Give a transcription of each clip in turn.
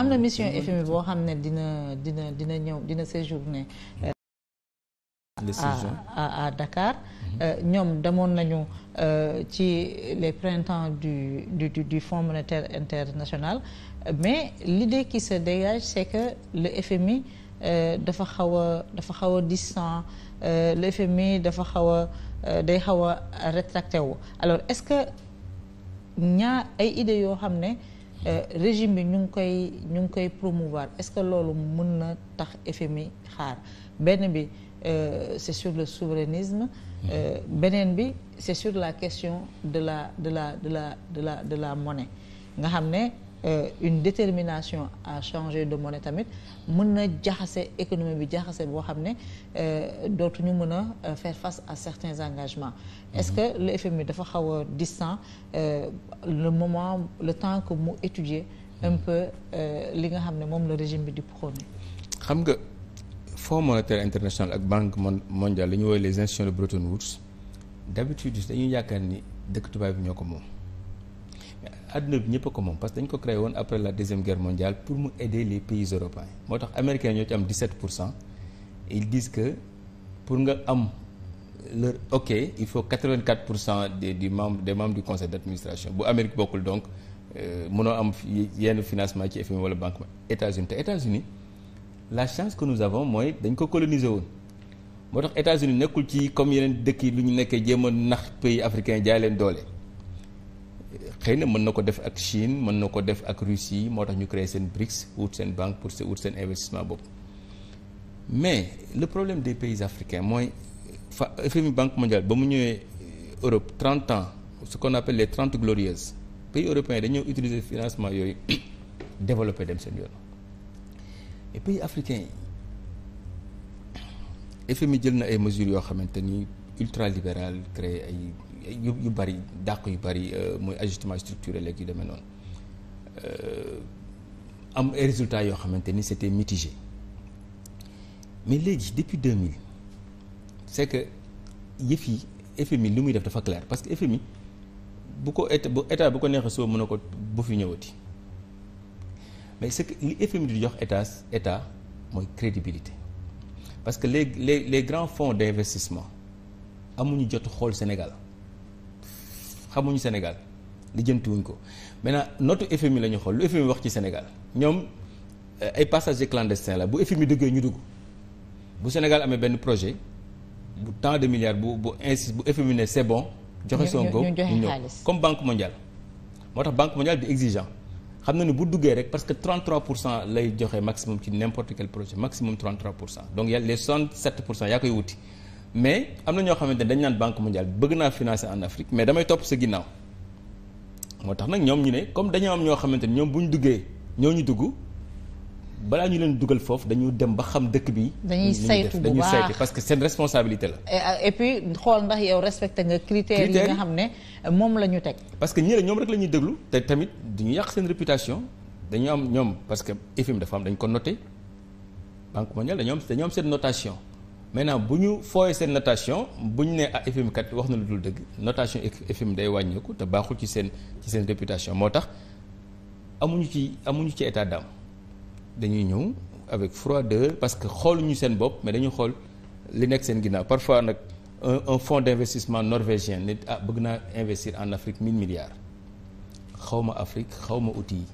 am na mission FMI boo xam ne dina dina dina ñëw dina séjourné euh, à à Dakar euh, ñoom demoon nañu euh, ci les printemps du du du Fonds monétaire international mais l'idée qui se dégage c'est que le FMI dafa xaw a dafa xaw a distant le FMI dafa xaw a day xaw a rétracté wu alors est-ce que ñaa ay idées yoo xam ne Euh, régime bi ñu ngi koy ñu ngi koy promouvoir est-ce que loolu mun na tax FMI xaar benn bi euh, c'est sur le souverainisme euh, beneen bi c'est sur la question de la de la de la de la de la monnaie nga xam ne Euh, une détermination à changer de monnaie tamit mën na jaxase économie bi jaxase boo xam ne euh, dootuñu mën a euh, faire face à certains engagements mhm. est-ce que le FMI dafa xaw a distant le moment le temps mu étudier un mhm. li nga xam ne moom le régime bi di prôné xam nga Fonds monétaire international ak banque mondiale li ñu woowee les institutions de Bretton Woods d'habitude dañuy yaakaar ni dëkk tubaab bi ñoo ko moom àdduna bi ñëpp ko moom parce que dañ ko créé woon après la deuxième guerre mondiale pour mu aider les pays européens moo tax américains ñoo ci am pour cent ils disent pour nga am leur ok il faut 84 pour cent des du membre des membres du conseil d' administration bu Amérique bokkul donc euh, mënoo am yenn financement ci FMI wala banque États-Unis te États-Unis la chance que nous avons mooy dañ ko coloniser woon moo tax États-Unis nekkul ci comme yeneen dëkk yi lu ñu nekkee jéem a nax pays africain jaay doole. xëy na mën na ko def ak Chine mën na ko def ak Russie moo tax ñu créé seen BRICS wut seen banque pour wut seen investissement boobu mais le problème des pays africains mooy fa FMI banque mondiale ba mu ñëwee Europe 30 ans ce qu'on appelle les 30 glorieuses pays dañoo utiliser financement yooyu développé dem seen yoon et pays africains yi FMI jël na ay mesures yoo xamante ni ultralibéral créé ay. yu yu bëri dàq yu bëri euh, mooy ajustement structurel ak yu demee noonu euh, am ay résultat yoo xamante ni c'était mitigé mais léegi depuis 2000 c'est que yëf yi FMI li muy def dafa clair parce que FMI bu ko état bu état bu ko neexee soo mën na ko bu fi ñëwati mais c'est que li yi di jox état état mooy crédibilité parce que les les les grands fonds d'investissement amuñu jot xool Sénégal xamuñu Sénégal wuñ ko maintenant notu FMI la ñu xool lu FMI wax ci Sénégal ñoom euh, ay passagers clandestins la bu FMI duggee ñu dugg bu Sénégal amee benn projet bu tant de milliards bu bu insi bu FMI ne c'est bon. joxe Sonko ñu ñëw comme Banque mondiale. moo tax Banque mondiale di exigeant xam na ne bu duggee rek parce que 33 pour cent lay joxe maximum ci n'importe quel projet maximum 33 pour cent donc y a les yaa koy wuti. mais am na ñoo xamante ne dañ naan banque mondiale bëgg naa financer en Afrique mais damay topp sa ginnaaw moo tax nag ñoom ñu ne comme dañoo am ñoo xamante ne ñoom bu ñu duggee ñoo ñu dugg balaa ñu leen dugal foofu dañu dem ba xam dëkk bi. dañuy saytu bu baax parce que seen responsabilité la. Euh, et puis xool ndax yow respecté nga critères yi nga xam ne moom la ñu teg. parce que ñële ñoom rek la ñuy déglu te tamit duñu yàq seen réputation dañu am ñoom parce que IFM dafa am dañ ko noté banque mondiale dañoo seen notation. mais maintenant bu ñu fooyee seen notation bu ñu ne ah FM wax na lu dul dëgg notation FM day wàññeeku te baaxul ci seen ci seen réputation moo tax amuñu ci amuñu ci état d'âme dañuy ñëw avec froideur parce que xooluñu seen bopp mais dañuy xool li nekk seen ginnaaw parfois nag un un fonds d'investissement norvégien nit ah bëgg naa investir en Afrique 1000 milliards xawma Afrique xawma outil yi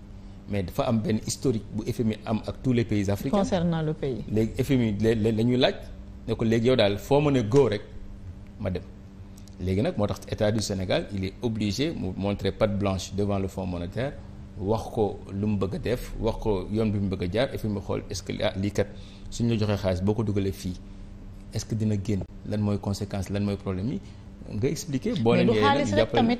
mais dafa am benn historique bu FMI am ak tous les pays africains concernant le pays léegi FMI la la ñuy laaj. ne ko léegi yow daal foo ma ne go rek ma dem léegi nag moo tax état du Sénégal il est obligé mu montrer patte blanche devant le fonds monétaire wax ko lu mu bëgg a def wax ko yoon bi mu bëgg a jaar et puis xool est-ce que ah lii kat suñu la joxee xaalis boo ko dugalee fii est-ce que dina génn lan mooy conséquence lan mooy problème yi nga expliquer boo leen yee nag jàppale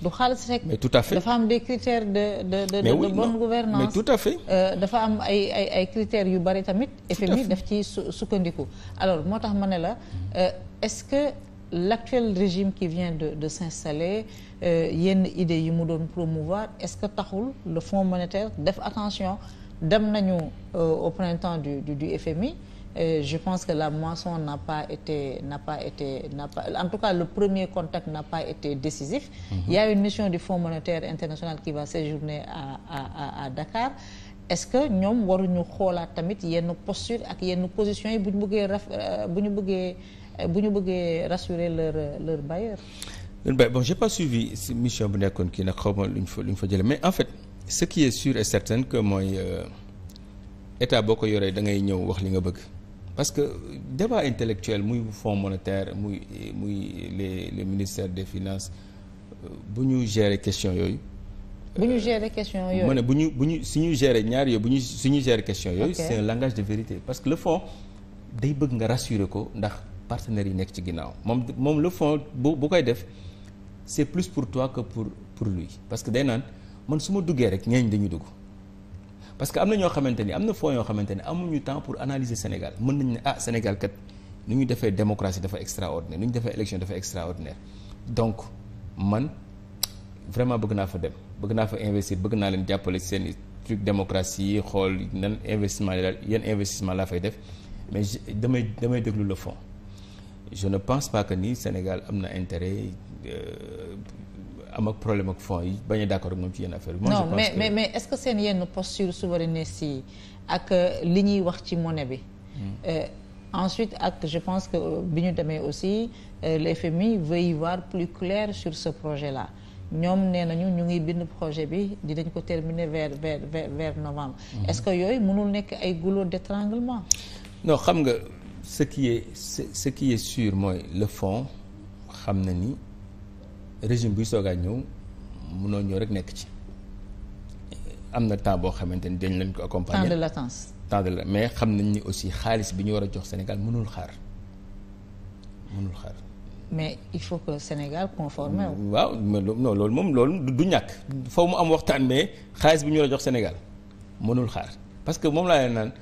du xaalis rek. mais dafa am des critères de de de de, oui, de bonne non. gouvernance euh, dafa am ay ay ay critères yu bari tamit. FMI def ci sukkandiku. alors moo tax ma ne la euh, est-ce que l'actuel régime qui vient de de s'installer euh, yenn idées yi mu doon promouvoir est-ce que taxul le Fonds monétaire def attention dem nañu au printemps du FMI. je pense que la moisson n'a pas été n'a pas été n'a pas en tout cas le premier contact n'a pas été décisif. Mm une mission du Fonds monétaire international qui va séjourner à à Dakar. Est-ce que ñoom waruñu xoolaat tamit yenn posture ak yenn position yi bu ñu bëggee raf euh, bu ñu bëggee bu ñu bëggee rassurer leur leur bailleur. bon j'ai pas suivi si mission bu nekkoon kii nag xaw ma lu ñu fa lu ñu fa jële mais en fait ce qui est sûr et certain que mooy euh, état boo ko yoree da ngay ñëw wax li nga bëgg. parce que débat intellectuel muy fonds monétaire muy muy les les ministères des finances euh, bu ñu gérer question yooyu. Euh, bu ñu gérer question yooyu. ma ne bu ñu bu ñu su ñu gérer ñaar yooyu bu ñu su ñu gérer question yooyu. c'est un langage de vérité parce que le fonds day bëgg nga rassurer ko ndax partenaires yi nekk ci ginnaaw moom moom le fonds bu bu koy def c'est plus pour toi que pour pour lui parce que day naan man suma ma duggee rek ñeeñ dañuy dugg. parce que am na ñoo xamante ni am na foo yoo xamante ni amuñu temps pour analyser Sénégal mën nañu ne ah Sénégal kat nu ñu defee démocratie dafa extraordinaire nu ñu defee élection dafa extraordinaire donc man vraiment bëgg naa fa dem bëgg naa fa investir bëgg naa leen jàppale seen truc démocratie yi xool nan investissement la yan investissement laa fay def mais damay damay déglu le fond je ne pense pas que nii Sénégal am na intérêt. Euh, am ak problème ak fonds yi bañ a d'accord ak moom ci yenn affaire bi. non mais mais mais est-ce que seen yenn posture souverainiste yi ak euh, li ñuy wax ci monnaie bi. Hmm. Euh, ensuite ak je pense que euh, bi ñu demee aussi le FMI veut y voir plus clair sur ce projet la ñoom nee nañu ñu ngi bind projet bi dinañ ko terminer vers vers vers novembre. Hmm. est-ce que yooyu mënul nekk ay goulot d'étranglement. non xam nga ce qui est ce qui est sûr mooy le fonds xam na ni. régime buy soogaa ñëw mënoo ñëw rek nekk ci am na temps boo xamante ni dañ lañ ko accompagner. temps de latence temps la mais xam nañ ni aussi xaalis bi ñu war a jox Sénégal mënul xaar mënul xaar. mais il faut que Sénégal conforme waaw non loolu moom loolu du ñàkk foofu mu am waxtaan mais xaalis bi ñu jox Sénégal mënul xaar parce que moom laa leen naan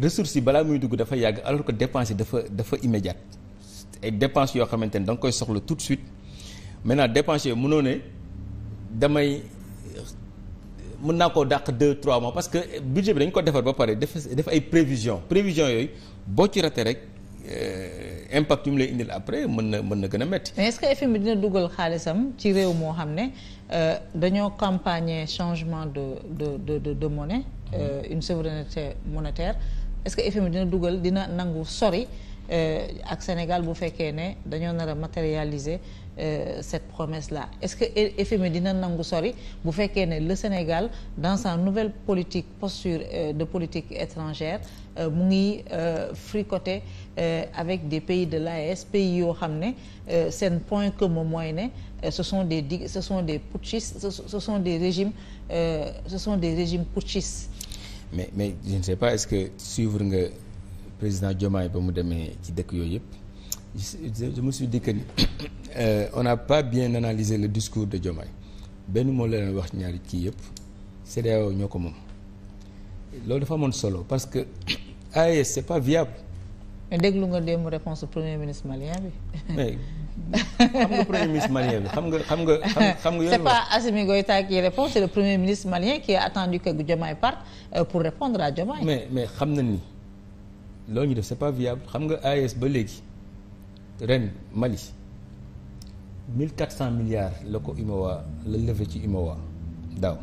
ressources yi balaa muy dugg dafa yàgg alors que dépense yi dafa dafa immédiate ay dépense yoo xamante ni da koy soxla tout de suite. maintenant dépense yooyu mënoo ne damay mën naa koo dàq deux trois mois parce que budget bi dañ ko defar ba pare def def ay prévision prévision yooyu boo ci rate rek euh, impact yu mu lay indil après mën na mën na gën a métti. mais est-ce que FMI dina dugal xaalisam ci réew moo xam ne euh, dañoo campagner changement de de de de, de monnaie. Mm-hmm. Euh, une souveraineté monétaire est que FMI dina dugal dina nangu sori euh, ak Sénégal bu fekkee ne dañoo nar a matérialiser. euh, cette promesse-là est-ce que FMI dina nangu sori bu fekkee ne le Sénégal dans sa nouvelle politique posture euh, de politique étrangère euh, mu ngi euh, fricoter euh, avec des pays de l'AES pays yoo xam ne seen point commun mooy ne ce sont des dig ce sont des putschistes ce, ce des régimes ce sont des régimes putschistes mais mais je ne sais pas est-ce que suivre nga président Diomaye ba mu demee ci dëkk yooyu yëpp je, je me suis dit euh, on n'a pas bien analysé le discours de Diomaye benn moo leen wax ñaari kii yëpp CEDEAO ñoo ko moom loolu dafa amoon solo parce que AES c'est pas viable. mais déglu nga démb réponse premier ministre malien bi. mais xam nga premier ministre malien bi xam nga xam nga. xam nga c'est pas Assimi Goïta qui répond c'est le premier ministre malien qui a attendu que Diomaye parte euh, pour répondre à Diomaye. mais mais xam na ni loolu ñu def c'est pas viable xam nga AES ba léegi. ren Mali mille quatre cent milliards la ko UMOA la levé ci UMOA daaw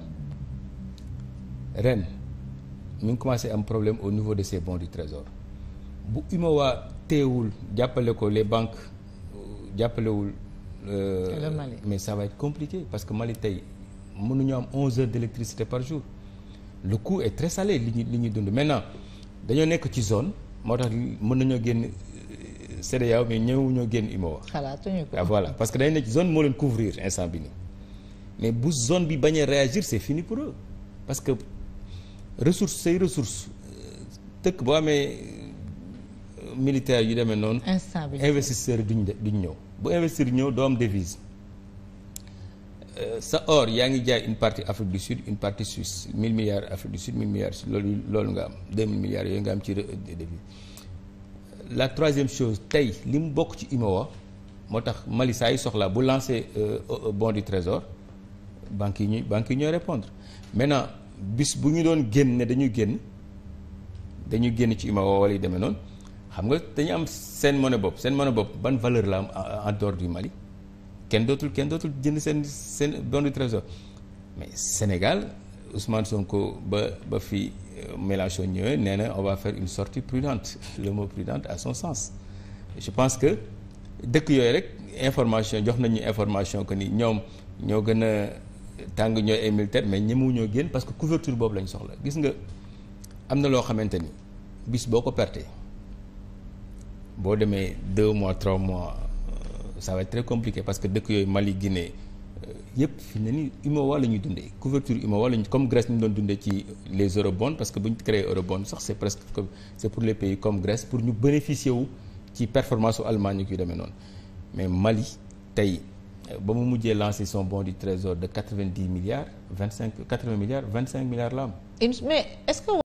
ren ñu ngi commencé am problème au niveau de ces bons du trésor bu UMOA teewul jàppale ko les banques jàppalewul euh, mais ça va être compliqué parce que Mali tey mënuñu am onze heures d'électricité par jour le coût est très salé li ñu li ñuy dund maintenant dañoo nekk ci zone moo tax mën nañoo génn CEDEAO mais ñëw ñoo génn UMOA. xalaatuñu ko ah, voilà parce que dañ ne zone moo leen couvrir instant bi nii mais bu zone bi bañee a réagir c'est fini pour eux parce que ressource say ressource dëkk boo amee euh, militaire yu demee noonu. investisseur yi duñ de duñ ñëw. bu investir ñëw doo am devise euh, sa or yaa ngi jaay une partie Afrique du Sud une partie Suisse 1000 milliards Afrique du Sud 1000 milliards loolu nga am 2000 milliards yooyu nga am ci devise. la troisième chose tey li mu bokk ci UMOA moo tax Mali saa yi soxlaa bu lancé euh, euh, bon du trésor banques yi ñuy banques yi ñooy répondre maintenant bis bu ñu doon génn ne dañuy génn dañuy génn ci UMOA wala yu demee noonu xam nga dañu am seen monnaie bopp seen monnaie bopp ban valeur la am en dehors du Mali kenn dootul kenn dootul jënd seen seen bon du trésor mais Sénégal Ousmane Sonko ba ba fi euh, Mélenchon ñëwee nee na on va faire une sortie prudente le mot prudente a son sens je pense que dëkk yooyu rek information jox nañu information que nii ñoom ñoo gën a tàng ñooy ay militaire mais ñemewu ñoo génn parce que couverture boobu lañ soxla gis nga am na loo xamante ni bis boo ko perte boo demee deux mois trois mois euh, ça va être très compliqué parce que dëkk yooyu Mali Guinée yëpp fi ne ni UMOA la ñuy dundee couverture UMOA la ñu comme Grèce ni mu doon dundee ci les eurobonds parce que bu ñu créé eurobonds sax c'est presque comme c'est pour les pays comme Grèce pour ñu bénéficier wu ci performance su yu demee noonu mais Mali tey ba mu mujjee lancé son bon du trésor de quatre-vingt-dix milliards vingt-cinq quatre-vingts milliards vingt-cinq milliards la